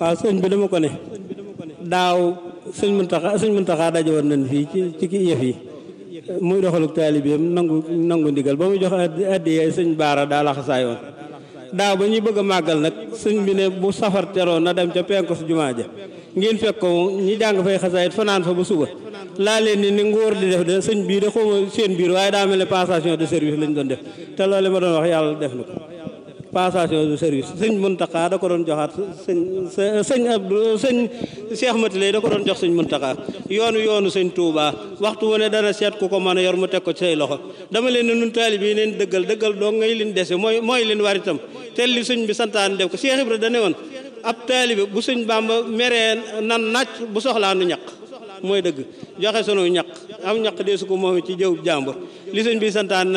waa sëñ bi dama ko ne daaw sëñ Muntaxa sëñ Muntaxa daje woon nañ fii ci ci ki yëf yi muy doxaluk taalibeem nangu nangu ndigal ba muy jox addiya sëñ baara daa laxasaayoon daaw ba ñuy bëgg a màggal nag sëñ bi ne bu safar teroon na dem ca penku su jumaa ja ngeen fekk ko ñi jàng fay xasaayit fanaan fa ba suba laa leen ni ni nguur di def de sëñ biir de xawma seen biir waaye daa mel ne passation de service lañ doon def te loolu ma doon wax yàlla def na passation de service sëñ Muntaxa da ko doon joxaat sëñ sëñ Abdou sëñ Cheikh Mati lay da ko doon jox sëñ Muntaxa yoonu yoonu sëñ Touba waxtu wu ne dana seet ku ko mën a yor mu teg ko ci say loxo dama leen ne nun taalib yi leen dëggal dëggal doo ngay leen dese mooy mooy leen war itam te li sëñ bi santaan def ko Cheikh Ibra dane woon ab taalibe bu sëñ Bàmba meree nan naaj bu soxlaa nu ñaq mooy dëgg joxe sunu ñaq am ñaq dee su ko moom ci jëw jàmbur li sëñ bi santaan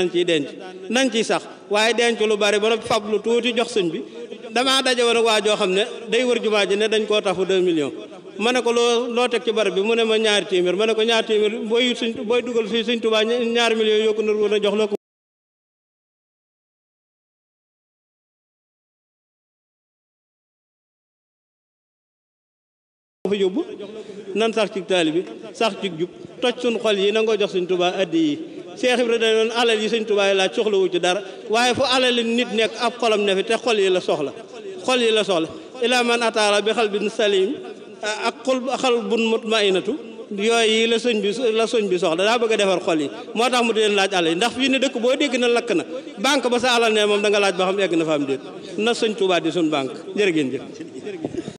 waaye denc lu bari ba noppi fab lu tuuti jox sëñ bi damaa daje woon ak waa joo xam ne day wër jumaa ji ne dañ koo tax 2 millions ma ne ko loo loo teg ci barab bi mu ne ma ñaari téeméer ma ne ko ñaari téeméer booy suñ booy dugal fii suñ tubaa ñaari millions yokku na woon a jox loo ko fa yóbbu nan sax ci taali bi sax ci jub toj suñ xol yi nangoo jox suñ tubaa addi yi Cheikh Ibra da doon alal yi sëñ Tuubaa laaj soxlawu ci dara waaye fu alal nit nekk ab xolam ne fi te xol yi la soxla xol yi la soxla ilaa man ataala bi xalbin salim ak xol xalbun mutmainatu yooyu yi la sëñ bi la sëñ bi soxla daa bëgg a defar xol yi moo tax mu di leen laaj alal yi ndax fii ne dëkk boo dégg na lakk na banque ba sa alal ne moom da nga laaj ba xam egg na fa am déet na sëñ Tuubaa di suñ banque jërë ngeen jëf